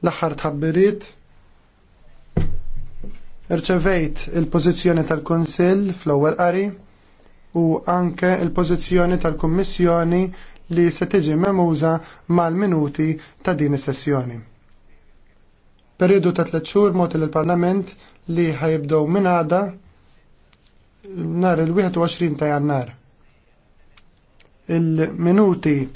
L-aħħar tħabbiriet irċevejt il-pożizzjoni tal-Kunsill fl-ewwel qari u anke il-pożizzjoni tal-Kummissjoni li se tiġi memuża mal-minuti ta' din is-sessjoni. Periodu ta' tliet xhur mod il-Parlament li ħajibdew minn għada nhar il-21 ta' Jannar. Il-minuti